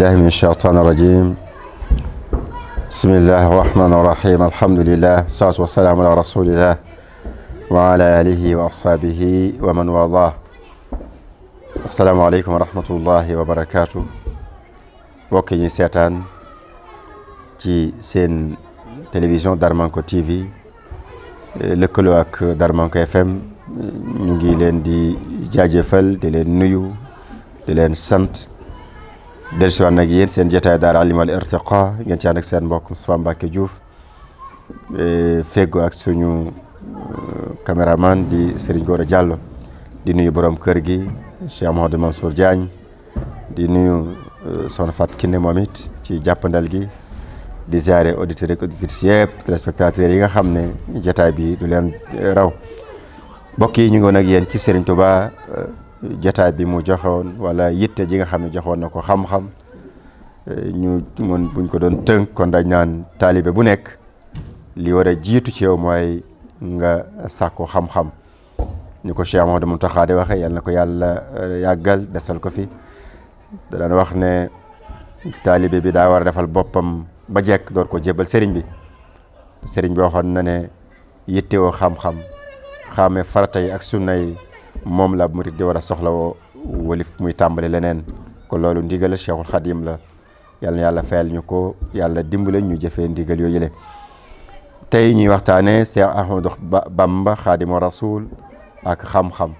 بالله من الشيطان الرجيم بسم الله الرحمن الرحيم الحمد لله والصلاة والسلام على رسول الله وعلى آله وأصحابه ومن والاه السلام عليكم ورحمة الله وبركاته وكي سيتان تي سين تلفزيون دارمانكو تي في lëkkaloo ak Darmanko FM ñu ngi leen di jaajëfal di leen nuyu di leen sant dellusiwaat nag yéen seen jotaay daara Halimal Irtiqa ngeen ci seen mbokk Moustapha Mbacké Diouf e, feggu ak suñu e, caméraman di Serigne Gora Diallo di nuyu borom kër gi Cheikh Mouhamadou Mansour Diagne di nuyu e, son Fat Kiné moom it ci jàppandal gi di ziare auditeurs ak auditrices yëpp téléspectateurs yi nga xam ne jotaay bi du leen raw mbokk yi ñu ngi woon ak ci Serigne Touba. jotaay bi mu joxewoon wala yitte ji nga xam ne joxoon na xam-xam ñu mon buñ ko doon teunk kon da naan talibé bu nek li wara jitu ci yow moy nga sàkku xam-xam niko Cheikh Mouhamadou muntaha de waxe yalla nako yàlla yagal dessal ko fi da lan wax ne talibé bi da war defal bopam ba jek door ko jébal serigne bi serigne bi waxoon na ne yitte wo xam-xam xamé farata yi ak sunna yi moom la murit di war a soxla walif muy tàmbali leneen ko loolu ndigal Cheikhul Khadim la yal yàlla fayal ñu ko yàlla dimbale ñu jëfee ndigal yooyu le tey ñuy waxtaane Cheikh Ahmadou Bamba Khadimu Rasul ak xam-xam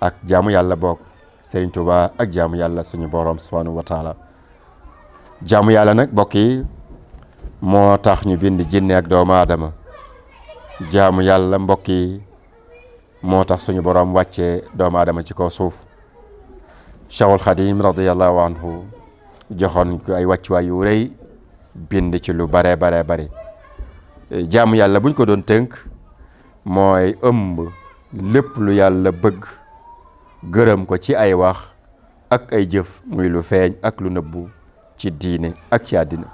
ak jaamu yàlla boog Serigne Touba ak jaamu yàlla suñu borom subhanahu wa jaamu yàlla nag mbokk yi moo tax ñu bind jinne ak doomu aadama jaamu yàlla mbokk yi moo tax suñu boroom wàccee doomu aadama ci ko suuf Cheikhul Xadim radiyallahu anhu joxoon ko ay wàccuwaay yu rëy bind ci lu bare bare bare jaamu yàlla buñ ko doon tënk mooy ëmb lépp lu yàlla bëgg gërëm ko ci ay wax ak ay jëf muy lu feeñ ak lu nëbbu ci diine ak ci àddina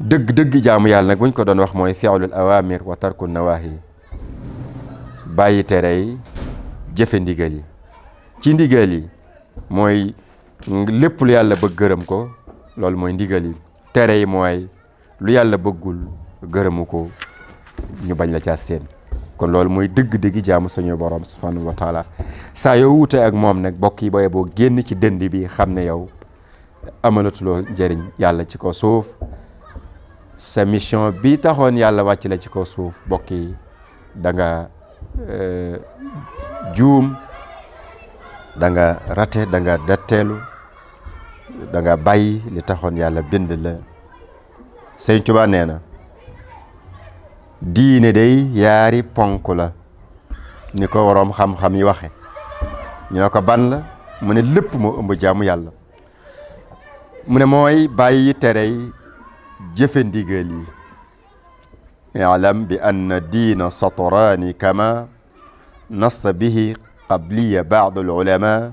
dëgg dëgg jaamu yàlla nag buñ ko doon wax mooy fi'lul awamir wa tarku nawahi bàyyi tere yi jëfe ndigal yi ci ndigal yi mooy lépp lu yàlla bëgg gërëm ko loolu mooy ndigal yi tere yi mooy lu yàlla bëggul gërëmu ko ñu bañ la caa seen kon loolu mooy dëgg-dëggi jaamu suñu borom subhanahu wa taala saa yow wuute ak moom nag bokk yi booyee boo génn ci dënd bi xam ne yow amalatuloo njëriñ yàlla ci ko suuf sa mission bi taxoon yàlla wàcc la ci ko suuf bokk yi Eh, juum danga nga rate da nga datteelu da bàyyi li taxoon yàlla bind la Sëriñ Tuubaa nee na diine dey yaari ponk la ni ko waroom xam-xam yi waxe ñoo ko ban la mu ne lépp moo ëmb jaamu yàlla mu ne mooy bàyyi tere yi jëfe ndigal yi اعلم بأن الدين سطران كما نص به قبلي بعض العلماء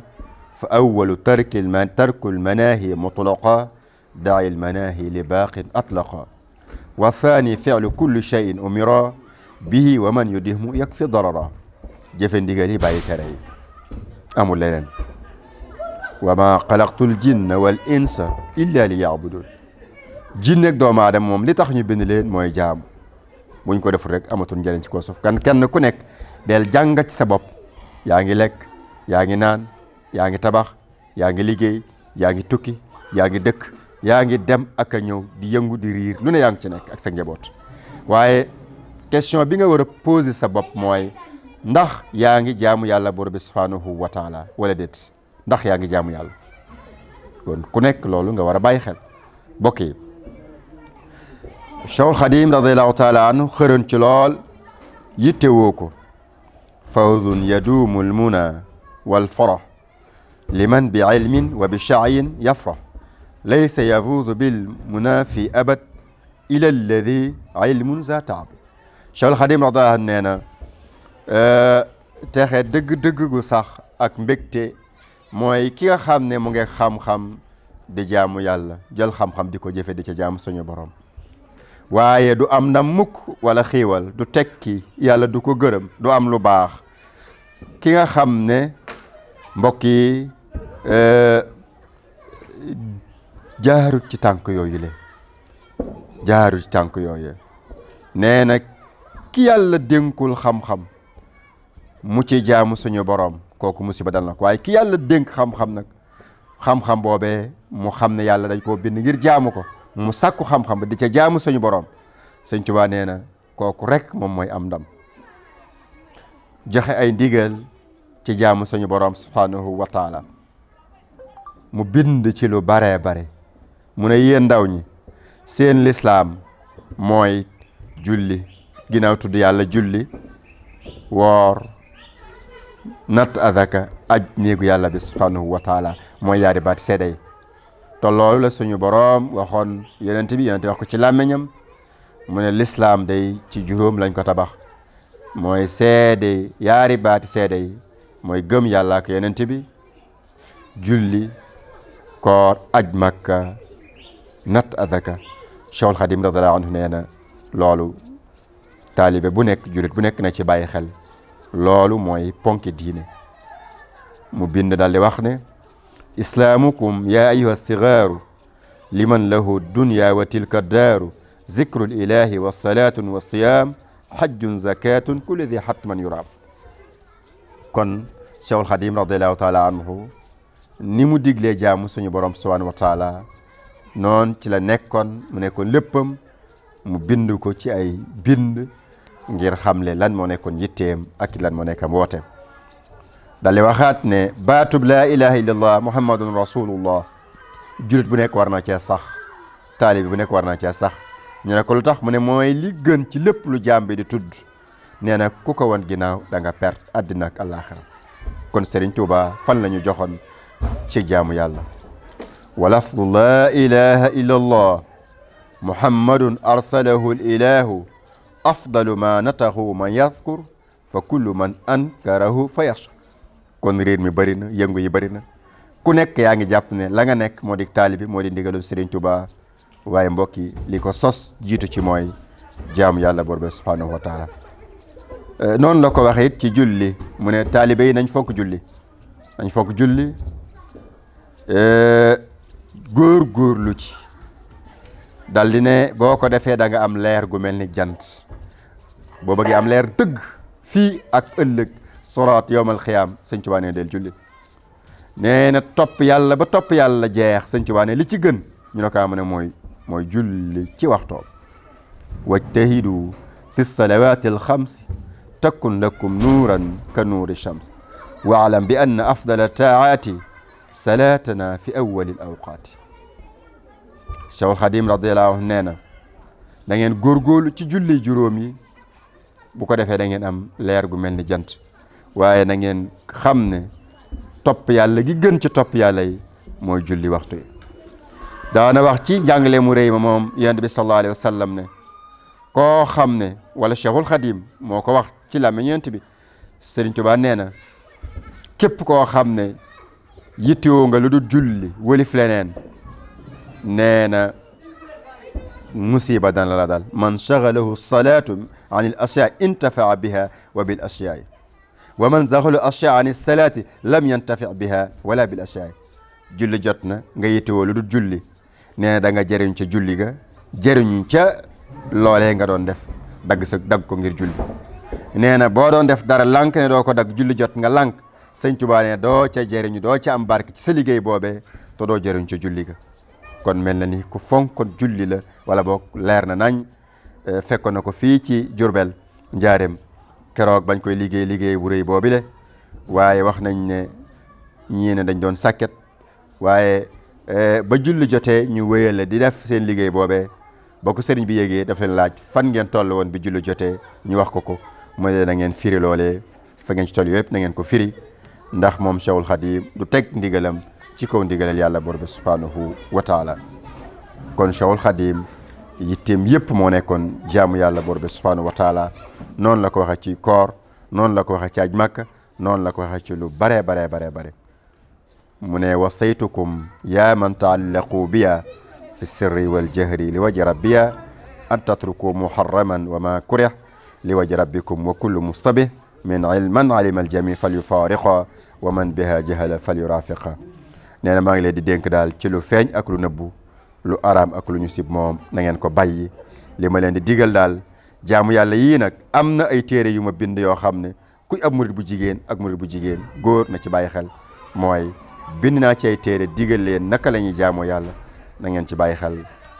فأول ترك المن ترك المناهي مطلقا دع المناهي لباق أطلقا والثاني فعل كل شيء أمرا به ومن يدهم يكفي ضررا جفن ديغاني باي كراي أمو لنا وما خلقت الجن والإنس إلا ليعبدون جنك دوما عدم موم لي بن لين موي جامو buñ ko deful rek amatul njëriñ ci kaw suuf kan kenn ku nekk del jàngat sa bopp yaa ngi lekk yaa ngi naan yaa ngi tabax yaa ngi liggéey yaa ngi tukki yaa ngi dëkk yaa ngi dem ak a ñëw di yëngu di riir lu ne yaa ngi ci nekk ak sa njaboot waaye question bi nga war a poser sa bopp mooy ndax yaa ngi jaamu yàlla borom bi subhanahu wa taala wala déet ndax yaa ngi jaamu yàlla kon ku nekk loolu nga war a bàyyi xel bokk yi شاول خديم رضي الله تعالى عنه خيرن تلال يتوكو فوز يدوم المنى والفرح لمن بعلم وبشعي يفرح ليس يفوز بالمنى في أبد إلى الذي علم ذات عب شاول خديم رضي الله عنه تخي دق دق قصح أك مبكتي موي كي خامني موغي خام خام دي جامو يالا جل خام خام ديكو جيفي دي جامو سوني بروم waaye du am ndam mukk wala xiiwal du tekki yàlla du ko gërëm du am lu baax ki nga xam ne mbokk yi e, jaarut ci tànk yooyu le jaarut ci tànk yooyu nee na ki yàlla dénkul xam-xam mu ci jaamu suñu borom kooku musiba dal na ko waaye ki yàlla dénk xam-xam nag xam-xam boobee mu xam ne yàlla dañ koo bind ngir jaamu ko mu sakku xam-xam di ca jaamu suñu borom sëñ Tuubaa nee na kooku rekk moom mooy am ndam joxe ay ndigal ci jaamu suñu borom subhaanahu wa mu bind ci lu baree bare mu ne yéen ndaw ñi seen lislaam mooy julli ginnaaw tudd yàlla julli woor natt azaka aj néegu yàlla bi subhaanahu wa taala mooy yaari baat seede yi te loolu la suñu boroom waxoon yonent bi yonent wax ko ci làmmiñam mu ne lislaam day ci juróom lañ ko tabax mooy seede yaari baati seede yi mooy gëm yàlla ak yonent bi julli koor aj makka natt azaka Cheikhul Khadim radiyallahu anhu nee na loolu taalibe bu nekk jullit bu nekk na ci bàyyi xel loolu mooy ponki diine mu bind daal di wax ne islaamukum yaa ayuha sigaaru liman lahu dunya wa tilka daaru zikru lilahi wa salaatun wa siyaam hajjun zakatun kulli di hatman yuraab kon Cheikhul Xadim radiallahu taala anhu ni mu diglee jaamu suñu borom subhanahu wa taala noon ci la nekkoon mu nekkoon léppam mu bind ko ci ay bind ngir xamle lan moo nekkoon yitteem ak lan moo nekkoon daal di waxaat ne baatub laa ilaha illallah muhammadun rasulullah julit bu nekk war naa cee sax taalibi bu nekk war naa cee sax ñu ne ko lu tax mu ne mooy li gën ci lépp lu jaam bi di tudd nee na ku ko woon ginnaaw da nga perte àddina ak àllaaxira kon Serigne Touba fan la ñu joxoon ci jaamu yàlla wa lafdu laa ilaha illa allah muhammadun arsalahu l ilahu afdalu ma natahu man yadkur fa kullu man ankarahu fa yashkur kon riir mi bari na yëngu yi bari na ku nekk yaa ngi jàpp ne la nga nekk moo di taalibi moo di ndigalu Serigne Touba waaye mbokk yi lii ko sos jiitu ci mooy jaamu yàlla bor be subhaanahu wa taala eh, noonu la ko waxee ci julli mu ne taalibe yi nañ fonk julli nañ fonk julli góor eh, góor lu ci daldi ne boo ko defee da nga am leer gu mel ni jant boo bëggee am leer dëgg fii ak ëllëg suraat yowmal xiyaam sëñ Tuubaa ne del jullit nee topp yàlla ba topp yàlla jeex sëñ Tuubaa ne li ci gën ñu ne ko mooy mooy julli ci waxtoom wajtahidu fi salawaati alxamsi takun lakum nuuran ka nuuri shams waalam bi ann afdala taaati salaatana fi awali l awqaati Cheikhul Xadim radiallahu anhu nee na da ngeen góorgóorlu ci julli juróom yi bu ko defee dangeen am leer gu mel ni jant waye na ngeen xamne top yàlla gi gën ci top yàlla yi moy julli waxtu da na wax ci jangale mu reey mom yeen bi sallallahu alayhi wasallam ne ko xamne wala cheikhul khadim moko wax ci làmmiñ yonent bi serigne Tuubaa neena kep ko xamne xam ne nga lu dul julli wëlif leneen neena na musiba dana la dal man shagalahu salaatu an al asiyaa intafaa biha wa bil asiyaa ومن زاxulu اشياء an salaati lam yantafi biha wala bil achaay julli jot na nga yittewoo lu dul julli nee na da nga jëriñ ca julli ga jëriñu ca loolee nga doon def dagg sa dagg ko ngir julli nee na boo def dara lànk ne doo ko dagg julli jot nga lànk sëñ Tuubaa ne doo ca jëriñu doo ca am barke ci sa liggéey boobee te doo jëriñ ca julli ga kon mel ni ku fonkoon julli la wala boo leer na nañ fekkoon na ci Jurbel njaareem keroog bañ koy liggéey liggéey bu rëy boobi le waaye wax nañ ne ñii ne dañ doon sakket waaye eh, ba julli jotee ñu wéyale di def seen liggéey boobe ba ko sëriñ bi yéegee daf leen laaj fan ngeen toll woon bi julli jotee ñu wax ko ko mooy leen na ngeen firi loolee fa ngeen ci toll yëpp na ngeen ko firi ndax moom Cheikhul Khadim du teg ndigalam ci kaw ndigalal yàlla bor bi subhanahu wa kon Cheikhul Khadim yitteem yëpp moo nekkoon jaamu yàlla borom bi subhaanahu wa taala noonu la ko waxee ci koor noonu la ko waxee ci aj màkk noonu la ko waxee ci lu baree baree baree bare mu ne wasaytukum yaa man taallaqu biya fi sirri wal jahri li waji rabbiya an tatruku muharraman wa ma kurih li waji rabbikum wa kullu mustabih min man alima aljami fal wa man biha jahala fal yurafiqa maa ngi leen di dénk daal ci lu feeñ ak lu nëbbu lu araam ak lu ñu sib moom nangeen ko bàyyi li ma leen di digal daal jaamu yàlla yii nag am na ay téere yu ma bind yoo xam ne kuy ab murit bu jigéen ak murit bu jigéen góor na ci bàyyi xel mooy bind naa ci ay téere digal leen naka la ñuy jaamu yàlla na ngeen ci bàyyi xel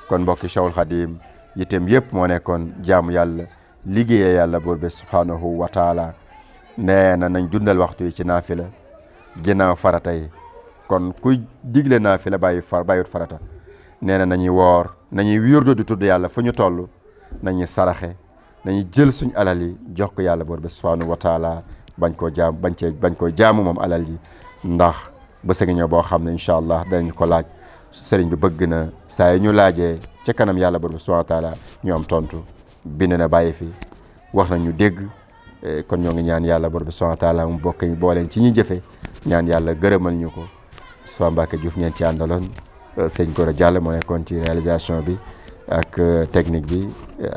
kon mbokki Cheikhul Khadim itam yëpp moo nekkoon jaamu yàlla liggéey yàlla buur bi subhanahu wa taala nee na nañ dundal waxtu yi ci naafila ginnaaw farata yi kon kuy digle naafila bàyyi far bàyyiwut farata nee na nañuy woor na nañuy wiirdu di tudd yàlla fu ñu toll nañuy saraxe nañuy jël suñ alal yi jox ko yàlla boor bi subhanahu wa taala bañ koo jaam bañ cee bañ koo jaamu moom alal yi ndax ba sa ñëw boo xam ne incha allah danañu ko laaj sëriñ bi bëgg na saa ñu laaje ca kanam yàlla boor bi subhanahu wa taala ñu am tontu bind na bàyyi fi wax nañ ñu dégg eh, kon ñoo ngi ñaan yàlla boor bi subhanahu wa taala mu bokk ñu booleen ci ñi jëfe ñaan yàlla gërëmal ñu ko Moustapha Mbacké Diouf ngeen ci àndaloon Euh, sëñ Gora Diallo moo nekkoon ci réalisation bi ak euh, technique bi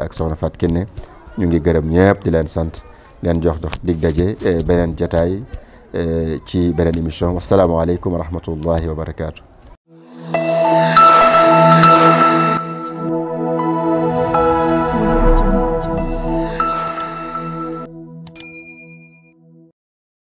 ak soxna Fatou ñu ngi gërëm ñëpp di leen sant leen jox dox dig daje euh, beneen jataay ci beneen émission wasalaamaaleykum wa rahmatullahi wa barakaatu.